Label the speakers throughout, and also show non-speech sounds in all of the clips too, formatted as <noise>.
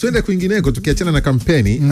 Speaker 1: Tuende kwingineko tukiachana na kampeni mm.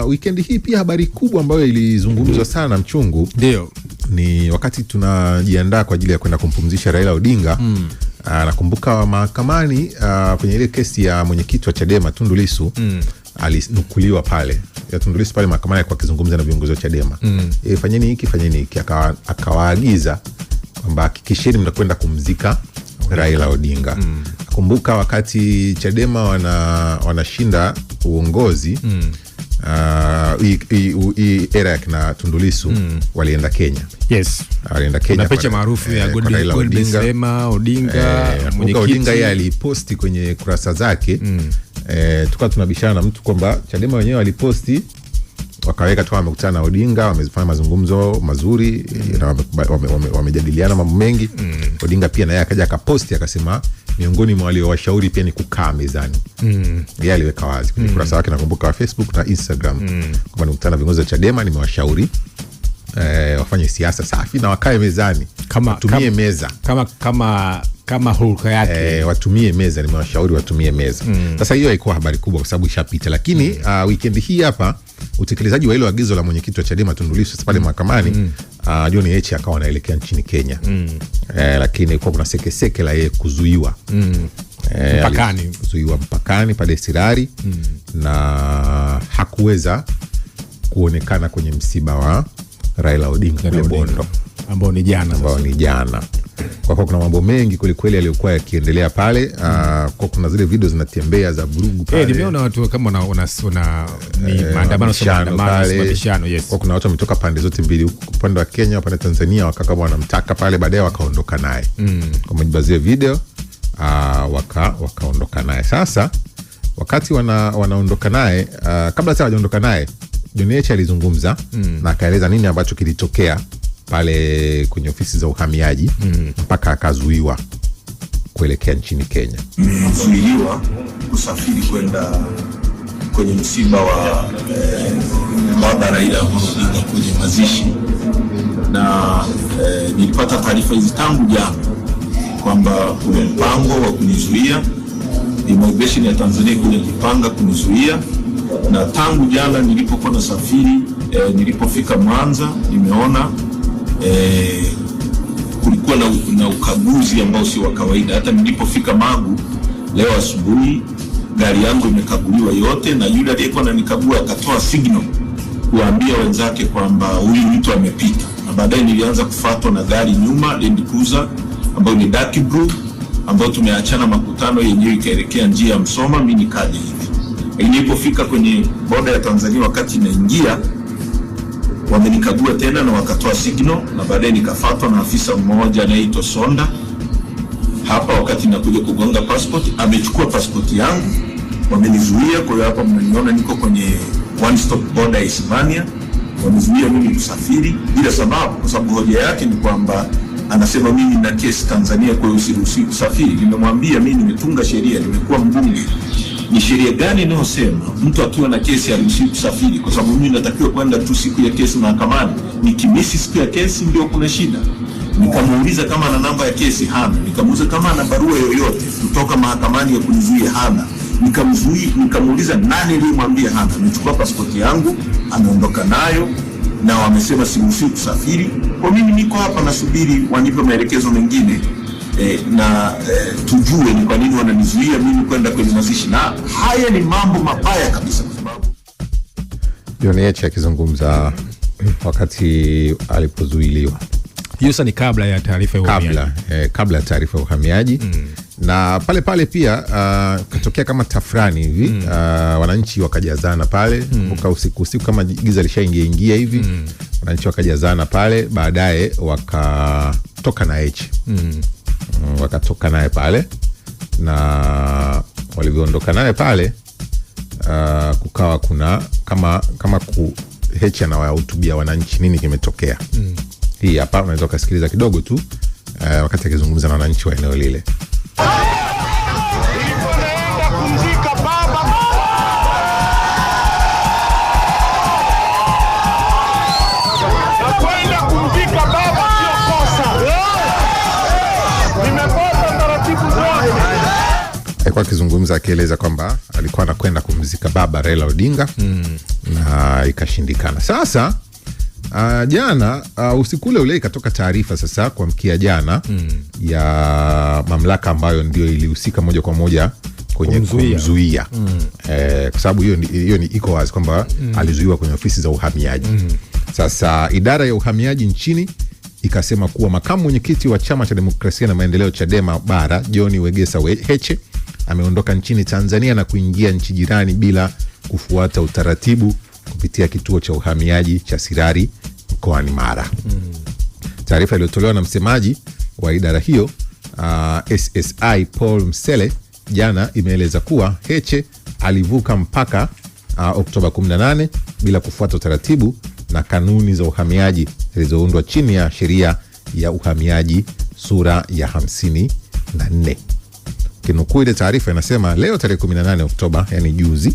Speaker 1: Uh, wikendi hii pia habari kubwa ambayo ilizungumzwa sana mchungu, ndio ni wakati tunajiandaa kwa ajili ya kwenda kumpumzisha Raila Odinga mm. Uh, nakumbuka mahakamani uh, kwenye ile kesi ya mwenyekiti wa Chadema tundulisu mm. alinukuliwa pale ya pale mahakamani alikuwa akizungumza na viongozi wa Chadema mm. E, fanyeni hiki fanyeni hiki, akawaagiza kwamba hakikisheni mnakwenda kumzika Raila Odinga mm. Kumbuka wakati Chadema wana, wanashinda uongozi mm. Uh, era ya kina Tundulisu mm. walienda Kenya, yes. walienda Kenya
Speaker 2: Kuna picha maarufu ya eh, Odinga Odinga, eh, Odinga yeye
Speaker 1: aliposti kwenye kurasa zake mm. eh, tukawa tunabishana na mtu kwamba Chadema wenyewe waliposti wakaweka tu, wamekutana na Odinga, wamefanya mazungumzo mazuri na wamejadiliana wame, wame, mambo mengi mm. Odinga pia naye akaja akaposti akasema miongoni mwa waliowashauri pia ni kukaa mezani mm. Yeye aliweka wazi kwenye mm. ukurasa mm. wake nakumbuka wa Facebook na Instagram mm. kwamba nikutana viongozi wa Chadema nimewashauri eh, wafanye siasa safi na wakae mezani, kama, watumie kama, meza
Speaker 2: kama, kama kama hulka yake
Speaker 1: e, watumie meza, nimewashauri watumie meza mm. Sasa hiyo haikuwa habari kubwa kwa sababu ishapita, lakini mm. uh, wikendi hii hapa utekelezaji wa hilo agizo la mwenyekiti wa Chadema Tundu Lissu pale mm. mahakamani mm. uh, John h akawa anaelekea nchini Kenya mm. eh, lakini ilikuwa kuna sekeseke la yeye kuzuiwa mm. eh, mpakani. kuzuiwa mpakani pale Sirari mm. na hakuweza kuonekana kwenye msiba wa Raila Odinga
Speaker 2: kule Bondo ambao ni jana,
Speaker 1: ambao ni jana kwa kuwa kuna mambo mengi kwelikweli yaliyokuwa yakiendelea pale uh, kwa kuna zile video zinatembea za vurugu eh,
Speaker 2: pale hey, nimeona watu kama una, una, una ni eh, maandamano pale mabishano yes.
Speaker 1: kwa kuna watu wametoka pande zote mbili upande wa Kenya upande wa Tanzania wakaka wanamtaka pale baadaye wakaondoka naye mm. kwa mujibu wa zile video uh, waka wakaondoka naye sasa wakati wana, wanaondoka naye uh, kabla sasa wajaondoka naye John Heche alizungumza mm. na akaeleza nini ambacho kilitokea pale kwenye ofisi za uhamiaji mm. mpaka akazuiwa kuelekea nchini Kenya.
Speaker 3: Azuiliwa kusafiri kwenda kwenye msiba wa eh, baba Raila Odinga kwenye mazishi, na eh, nilipata taarifa hizi tangu jana kwamba kuna mpango wa kunizuia. Immigration ya Tanzania ikuja kipanga kunizuia, na tangu jana nilipokuwa safiri eh, nilipofika Mwanza nimeona eh, kulikuwa na, na ukaguzi ambao sio wa kawaida. Hata nilipofika Magu leo asubuhi, gari yangu imekaguliwa yote, na yule aliyekuwa ananikagua akatoa signal kuambia wenzake kwamba huyu mtu amepita, na baadaye nilianza kufuatwa na gari nyuma, Land Cruiser ambayo ni dark blue, ambayo tumeachana makutano, yenyewe ikaelekea njia ya Msoma, mimi nikaja hivi. Nilipofika kwenye boda ya Tanzania, wakati inaingia wamenikagua tena na wakatoa signal, na baadaye nikafatwa na afisa mmoja anaitwa Sonda hapa, wakati nakuja kugonga passport, amechukua passport yangu, wamenizuia. Kwa hiyo hapa mnaniona niko kwenye one stop border hispania wamezuia mimi kusafiri bila sababu, kwa sababu hoja yake ni kwamba anasema mimi na kesi Tanzania, kwa hiyo usiruhusi kusafiri. Nimemwambia mimi nimetunga sheria, nimekuwa mbunge ni sheria gani inayosema mtu akiwa na kesi haruhusiwi kusafiri? Kwa sababu mimi natakiwa kwenda tu siku ya kesi mahakamani, nikimisi siku ya kesi ndio kuna shida. Nikamuuliza kama ana namba ya kesi, hana. Nikamuuliza kama ana barua yoyote kutoka mahakamani ya kunizuia, hana. Nikamzuia, nikamuuliza nani aliyemwambia, hana. Nichukua pasipoti yangu ameondoka nayo na wamesema siruhusiwi kusafiri. Kwa mimi niko hapa nasubiri wanipe maelekezo mengine eh, na eh, tujue ni kwa nini wananizuia mimi kwenda kwenye mazishi, na haya ni mambo mabaya kabisa, kwa sababu
Speaker 1: John Heche akizungumza wakati alipozuiliwa
Speaker 2: hiyo sasa ni kabla ya taarifa ya uhamiaji
Speaker 1: kabla, eh, kabla ya taarifa ya uhamiaji mm. Na pale pale pia uh, katokea kama tafrani hivi mm. Uh, wananchi wakajazana pale mm. Usiku usiku kama giza lishaingia ingia hivi mm. Wananchi wakajazana pale, baadaye wakatoka na Heche mm. Mm, wakatoka naye pale na walivyoondoka naye pale uh, kukawa kuna kama kama ku Heche anawahutubia wananchi nini kimetokea. mm. Hii hapa unaweza ukasikiliza kidogo tu uh, wakati akizungumza na wananchi wa eneo lile. alikuwa akizungumza akieleza kwamba alikuwa anakwenda kumzika baba Raila Odinga mm. na ikashindikana. Sasa uh, jana uh, usiku ule ule ikatoka taarifa sasa kuamkia jana mm. ya mamlaka ambayo ndio ilihusika moja kwa moja kwenye kumzuia mm. eh, kwa sababu hiyo iko wazi kwamba mm. alizuiwa kwenye ofisi za uhamiaji mm. Sasa idara ya uhamiaji nchini ikasema kuwa makamu mwenyekiti wa chama cha demokrasia na maendeleo Chadema bara John Wegesa Heche ameondoka nchini Tanzania na kuingia nchi jirani bila kufuata utaratibu kupitia kituo cha uhamiaji cha Sirari mkoani Mara. mm. Taarifa iliyotolewa na msemaji wa idara hiyo uh, SSI Paul Msele jana imeeleza kuwa Heche alivuka mpaka uh, Oktoba 18 bila kufuata utaratibu na kanuni za uhamiaji zilizoundwa chini ya sheria ya uhamiaji sura ya 54 kinukuu ile taarifa inasema leo tarehe 18 Oktoba, yani juzi,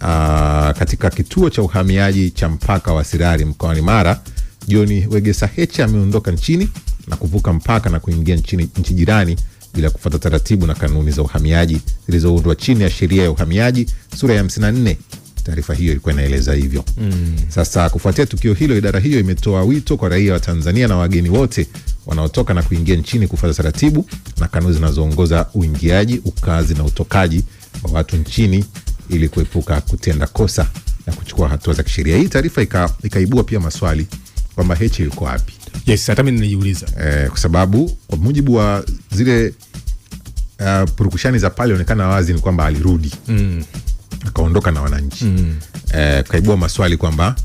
Speaker 1: ah, katika kituo cha uhamiaji cha mpaka wa Sirari mkoani Mara, John Wegesa Heche ameondoka nchini na kuvuka mpaka na kuingia nchini, nchi jirani bila kufuata taratibu na kanuni za uhamiaji zilizoundwa chini ya sheria ya uhamiaji sura ya 54 Taarifa hiyo ilikuwa inaeleza hivyo mm. Sasa kufuatia tukio hilo, idara hiyo imetoa wito kwa raia wa Tanzania na wageni wote wanaotoka na kuingia nchini kufuata taratibu na kanuni zinazoongoza uingiaji, ukazi na utokaji wa watu nchini ili kuepuka kutenda kosa na kuchukua hatua za kisheria. Hii taarifa ikaibua ika pia maswali kwamba hechi yuko wapi?
Speaker 2: Yes, eh,
Speaker 1: kwa sababu kwa mujibu wa zile uh, purukushani za pale, onekana wazi ni kwamba alirudi mm akaondoka na wananchi mm. eh, kaibua maswali kwamba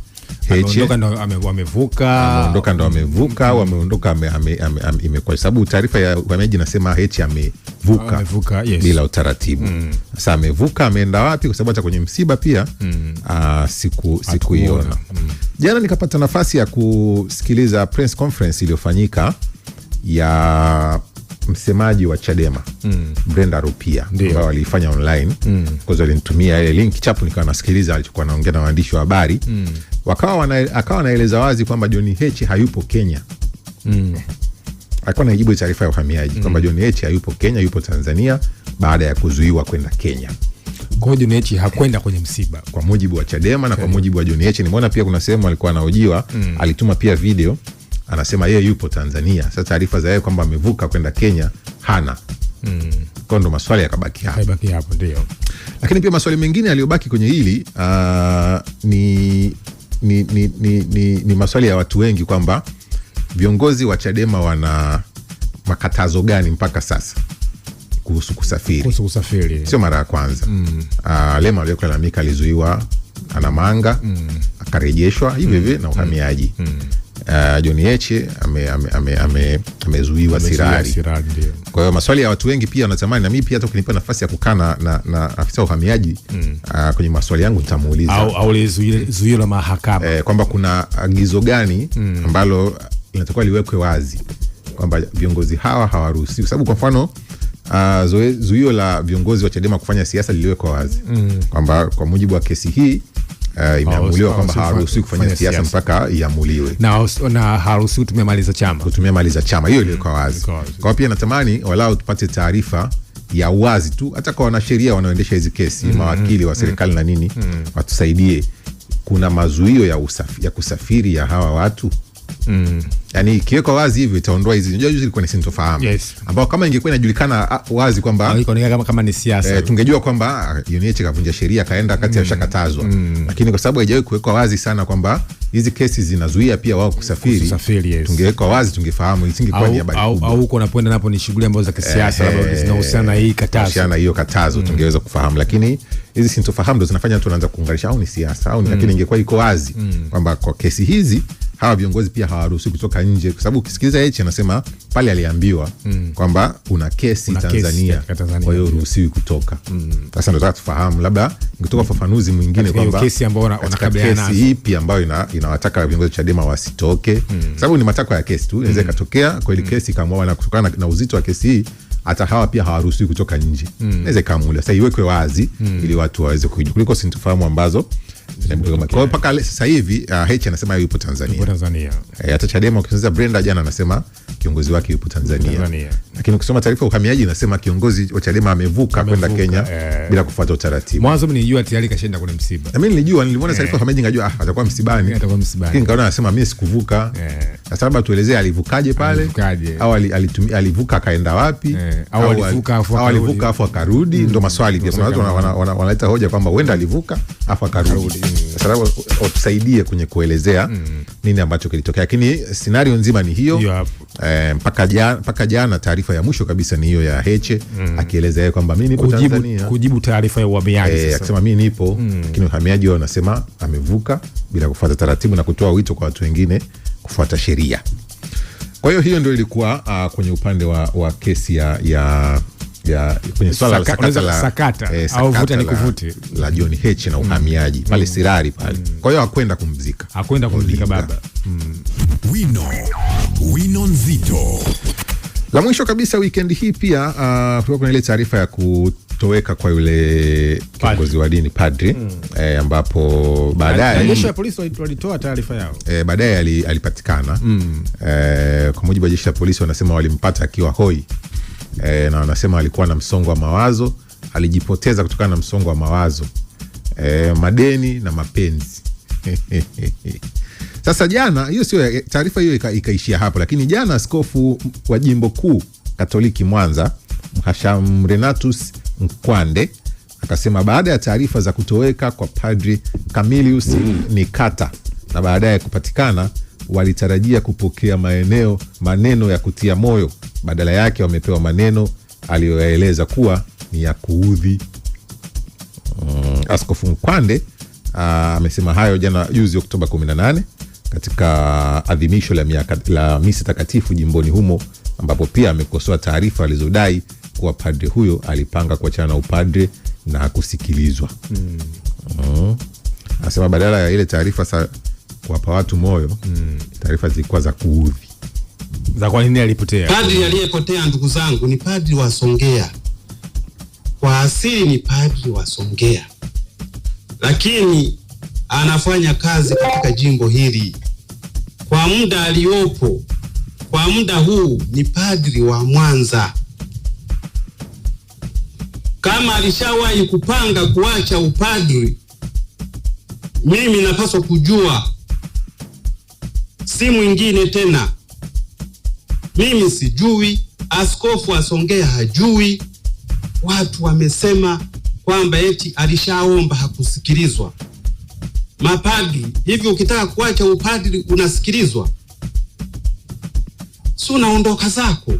Speaker 2: ameondoka
Speaker 1: ndo amevuka au mm. ameondoka imekuwa sababu taarifa ya uhamiaji inasema h amevuka, yes. bila utaratibu mm. Sasa amevuka ameenda wapi? Kwa sababu hata kwenye msiba pia mm. a, ah, siku sikuiona mm. Jana nikapata nafasi ya kusikiliza press conference iliyofanyika ya msemaji wa Chadema mm. Brenda Rupia ambao waliifanya online mm. walinitumia ile link chapu, nikawa nasikiliza alichokuwa naongea na waandishi wa habari mm. wakawa wana, akawa anaeleza wazi kwamba John Heche hayupo Kenya mm. alikuwa naijibu taarifa ya uhamiaji mm. kwamba John Heche hayupo Kenya, yupo Tanzania baada ya kuzuiwa kwenda Kenya.
Speaker 2: Kwa John Heche hakwenda kwenye msiba
Speaker 1: kwa mujibu wa Chadema na okay. kwa mujibu wa John Heche nimeona pia kuna sehemu alikuwa anaojiwa mm. alituma pia video anasema yeye yupo Tanzania. Sasa taarifa za yeye kwamba amevuka kwenda Kenya hana mm. Kwao ndo maswali yakabaki hapo, ndio. Lakini pia maswali mengine yaliyobaki kwenye hili uh, ni, ni, ni, ni, ni, ni maswali ya watu wengi kwamba viongozi wa Chadema wana makatazo gani mpaka sasa kuhusu kusafiri,
Speaker 2: kuhusu kusafiri.
Speaker 1: Sio mara ya kwanza mm. uh, Lema aliwahi kulalamika, alizuiwa Anamanga mm. akarejeshwa hivi hivi mm. na hmm. uhamiaji mm uh, John Heche amezuiwa ame, ame, ame Sirari. Kwa hiyo maswali ya watu wengi pia wanatamani, na mimi pia hata ukinipa nafasi ya kukaa na, na, na afisa uhamiaji mm. uh, kwenye maswali yangu nitamuuliza
Speaker 2: au, au zuio la mahakama
Speaker 1: eh, kwamba kuna agizo gani mm. ambalo linatakiwa liwekwe wazi kwamba viongozi hawa hawaruhusiwi, kwa sababu kwa mfano uh, zuio la viongozi wa Chadema kufanya siasa liliwekwa wazi mm. kwamba kwa mujibu wa kesi hii uh, imeamuliwa kwamba haruhusiwi kufanya siasa mpaka iamuliwe
Speaker 2: na, na haruhusiwi kutumia mali za chama,
Speaker 1: kutumia mali za chama. Hiyo ilikuwa wazi kwao. Pia natamani walau tupate taarifa ya wazi tu, hata kwa wanasheria wanaoendesha hizi kesi mm -hmm. mawakili wa mm-hmm. serikali mm -hmm. na nini mm -hmm. watusaidie. Kuna mazuio ya, usafi, ya kusafiri ya hawa watu mm -hmm yani ikiwekwa wazi hivyo itaondoa hizi. Unajua juzi ilikuwa ni sintofahamu yes, ambao kama ingekuwa inajulikana ah, wazi kwamba
Speaker 2: kama, kama ni siasa
Speaker 1: e, tungejua kwamba ah, UNH kavunja sheria kaenda kati ya mm, shakatazwa
Speaker 2: mm, lakini
Speaker 1: kwa sababu haijawahi kuwekwa wazi sana kwamba hizi kesi zinazuia pia wao kusafiri,
Speaker 2: kusafiri yes,
Speaker 1: tungewekwa wazi tungefahamu, isingekuwa ni habari kubwa.
Speaker 2: Au huko unapoenda napo ni shughuli ambazo za kisiasa eh, labda zinahusiana na hii katazo,
Speaker 1: hiyo katazo mm. tungeweza kufahamu lakini hizi sintofahamu ndo zinafanya watu wanaanza kuunganisha au ni siasa au ni, mm. lakini ingekuwa iko wazi mm. kwamba kwa kesi hizi hawa viongozi pia hawaruhusi kutoka nje, kwa sababu ukisikiliza Heche anasema pale aliambiwa mm. kwamba una kesi una Tanzania,
Speaker 2: Tanzania, kwa hiyo
Speaker 1: uruhusiwi kutoka mm. sasa. Mm. Nataka tufahamu labda ingetoka ufafanuzi mwingine kwamba kesi ipi ambayo ina, inawataka viongozi Chadema wasitoke mm. sababu ni matakwa ya kesi tu, inaweza mm. ikatokea kweli kesi ikamwawa, na kutokana na uzito wa kesi hii hata hawa pia hawaruhusiwi kutoka nje mm. naweza ikamuda sa iwekwe wazi mm. ili watu waweze kujua kuliko sintofahamu ambazo mpaka sasa hivi uh, Heche anasema yupo Tanzania. Tanzania. Eh, hata Chadema Brenda jana anasema kiongozi wake yupo Tanzania. Tanzania. Lakini ukisoma taarifa ya uhamiaji inasema kiongozi wa Chadema amevuka kwenda Kenya ee, bila kufuata utaratibu.
Speaker 2: Mwanzo nilijua tayari kashaenda kwenye msiba.
Speaker 1: Na mimi nilijua taarifa ya eh. uhamiaji ngajua ah, atakuwa msibani.
Speaker 2: Atakuwa msibani. Lakini
Speaker 1: kaona anasema mimi sikuvuka. Sasa labda tuelezee alivukaje pale? Au alitumia alivuka akaenda wapi? Au alivuka afu akarudi? Ndio mm. maswali. Kuna watu wanaleta hoja kwamba huenda alivuka afu akarudi
Speaker 2: mm.
Speaker 1: watusaidie kwenye kuelezea mm. nini ambacho kilitokea, lakini sinario nzima ni hiyo eh, mpaka jana, jana taarifa ya mwisho kabisa ni hiyo ya Heche mm. akieleza yeye kwamba mi nipo kujibu, Tanzania
Speaker 2: kujibu taarifa ya uhamiaji
Speaker 1: eh, akisema mi nipo mm. lakini uhamiaji wao wanasema amevuka bila kufuata taratibu na kutoa wito kwa watu wengine kufuata sheria. Kwa hiyo hiyo ndio ilikuwa uh, kwenye upande wa, wa kesi ya, ya ya kwenye swala la sakata,
Speaker 2: sakata eh, au vuta ni
Speaker 1: la John na uhamiaji mm. pale Sirari pale mm. kwa hiyo hakwenda kumzika,
Speaker 2: hakwenda kumzika baba
Speaker 1: mm. Wino Wino Nzito. La mwisho kabisa weekend hii pia uh, kuna ile taarifa ya kutoweka kwa yule kiongozi wa dini padri mm. e, ambapo baadaye
Speaker 2: jeshi la polisi walitoa taarifa yao
Speaker 1: e, baadaye alipatikana mm. e, kwa mujibu wa jeshi la polisi wanasema walimpata akiwa hoi e, na wanasema alikuwa na msongo wa mawazo, alijipoteza kutokana na msongo wa mawazo e, madeni na mapenzi <laughs> Sasa jana, hiyo sio eh, taarifa, hiyo ikaishia hapo, lakini jana askofu wa jimbo kuu Katoliki Mwanza Mhasham Renatus mkwande akasema baada ya taarifa za kutoweka kwa Padri Camilius mm. Nikata na baadaye kupatikana walitarajia kupokea maeneo maneno ya kutia moyo, badala yake wamepewa maneno aliyoyaeleza kuwa ni ya kuudhi. Mm, Askofu Nkwande ah, amesema hayo jana juzi Oktoba 18 katika adhimisho la, miaka, la misa takatifu jimboni humo ambapo pia amekosoa taarifa alizodai kuwa padre huyo alipanga kuachana na upadre na kusikilizwa.
Speaker 2: Hmm. Mm.
Speaker 1: Mm. Anasema badala ya ile taarifa kuwapa watu moyo mm. Taarifa zilikuwa za kuudhi
Speaker 2: za kwa nini alipotea.
Speaker 3: Padri aliyepotea ndugu zangu ni padri wa Songea, kwa asili ni padri wa Songea, lakini anafanya kazi katika jimbo hili kwa muda aliyopo, kwa muda huu ni padri wa Mwanza. Kama alishawahi kupanga kuacha upadri, mimi napaswa kujua si mwingine tena. Mimi sijui, askofu asongea hajui. Watu wamesema kwamba eti alishaomba hakusikilizwa. Mapadri hivi, ukitaka kuacha upadri unasikilizwa? Si unaondoka zako.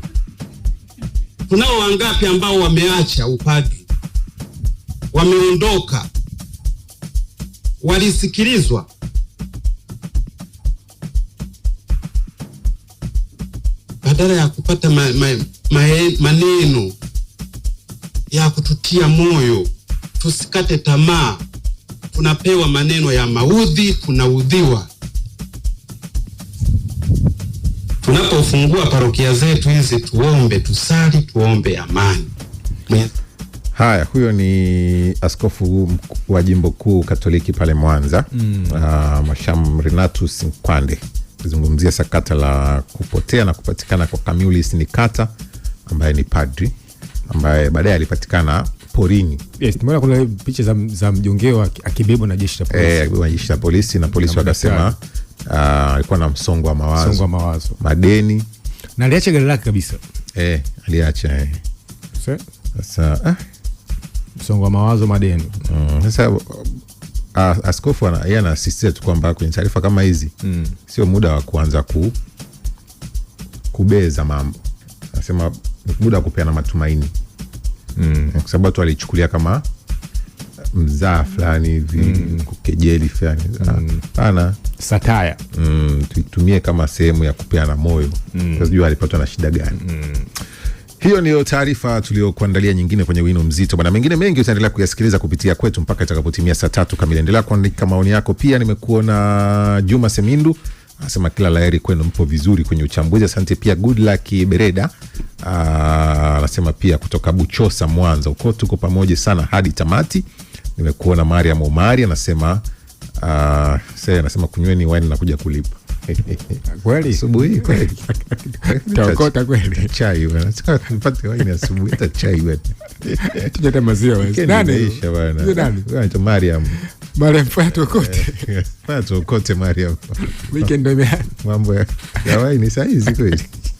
Speaker 3: Tunao wangapi ambao wameacha upadri, wameondoka, walisikilizwa? badala ya kupata ma, ma, ma, maneno ya kututia moyo tusikate tamaa, tunapewa maneno ya maudhi, tunaudhiwa. Tunapofungua parokia zetu hizi, tuombe, tusali, tuombe amani.
Speaker 1: Haya, huyo ni askofu wa jimbo kuu Katoliki pale Mwanza, mm. Uh, Mhashamu Renatus Nkwande kizungumzia sakata la kupotea na kupatikana kwa Camillus Nikata ambaye ni padri ambaye baadaye alipatikana porini.
Speaker 2: Yes, nimeona kuna picha za, za mjongeo akibebwa na jeshi la polisi.
Speaker 1: Eh, na jeshi la polisi na polisi wakasema ah, alikuwa na msongo wa mawazo. Msongo wa mawazo. Madeni.
Speaker 2: Na aliacha gari lake kabisa.
Speaker 1: Eh, aliacha eh. Sasa eh.
Speaker 2: msongo wa mawazo madeni.
Speaker 1: Mm, sasa askofu yeye anasisitiza tu kwamba kwenye taarifa kama hizi mm. sio muda wa kuanza ku, kubeza mambo, anasema muda wa kupeana matumaini mm. kwa sababu tu alichukulia kama mzaa fulani hivi mm. kukejeli fulani mm. hapana, mm. sataya mm, tuitumie kama sehemu ya kupeana moyo mm. sijua alipatwa na shida gani mm. Hiyo ndiyo taarifa tuliyokuandalia, nyingine kwenye wino mzito bwana. Mengine mengi utaendelea kuyasikiliza kupitia kwetu mpaka itakapotimia saa tatu kamili. Endelea kuandika maoni yako. Pia nimekuona Juma Semindu anasema kila laheri kwenu, mpo vizuri kwenye uchambuzi, asante. Pia good luck Bereda ah, anasema pia kutoka Buchosa, Mwanza, huko, tuko pamoja sana hadi tamati. Nimekuona Mariam Omari anasema ah, anasema kunyweni wine na kuja kulipa kweli asubuhi kweli
Speaker 2: taokota kweli
Speaker 1: chai bwana tupate wine asubuhi hata chai bwana
Speaker 2: tujate maziwa wewe
Speaker 1: nani bwana nani bwana Mariam
Speaker 2: Mariam fanya tuokote
Speaker 1: fanya eh, tuokote Mariam weekend ndio mambo ya wine saizi kweli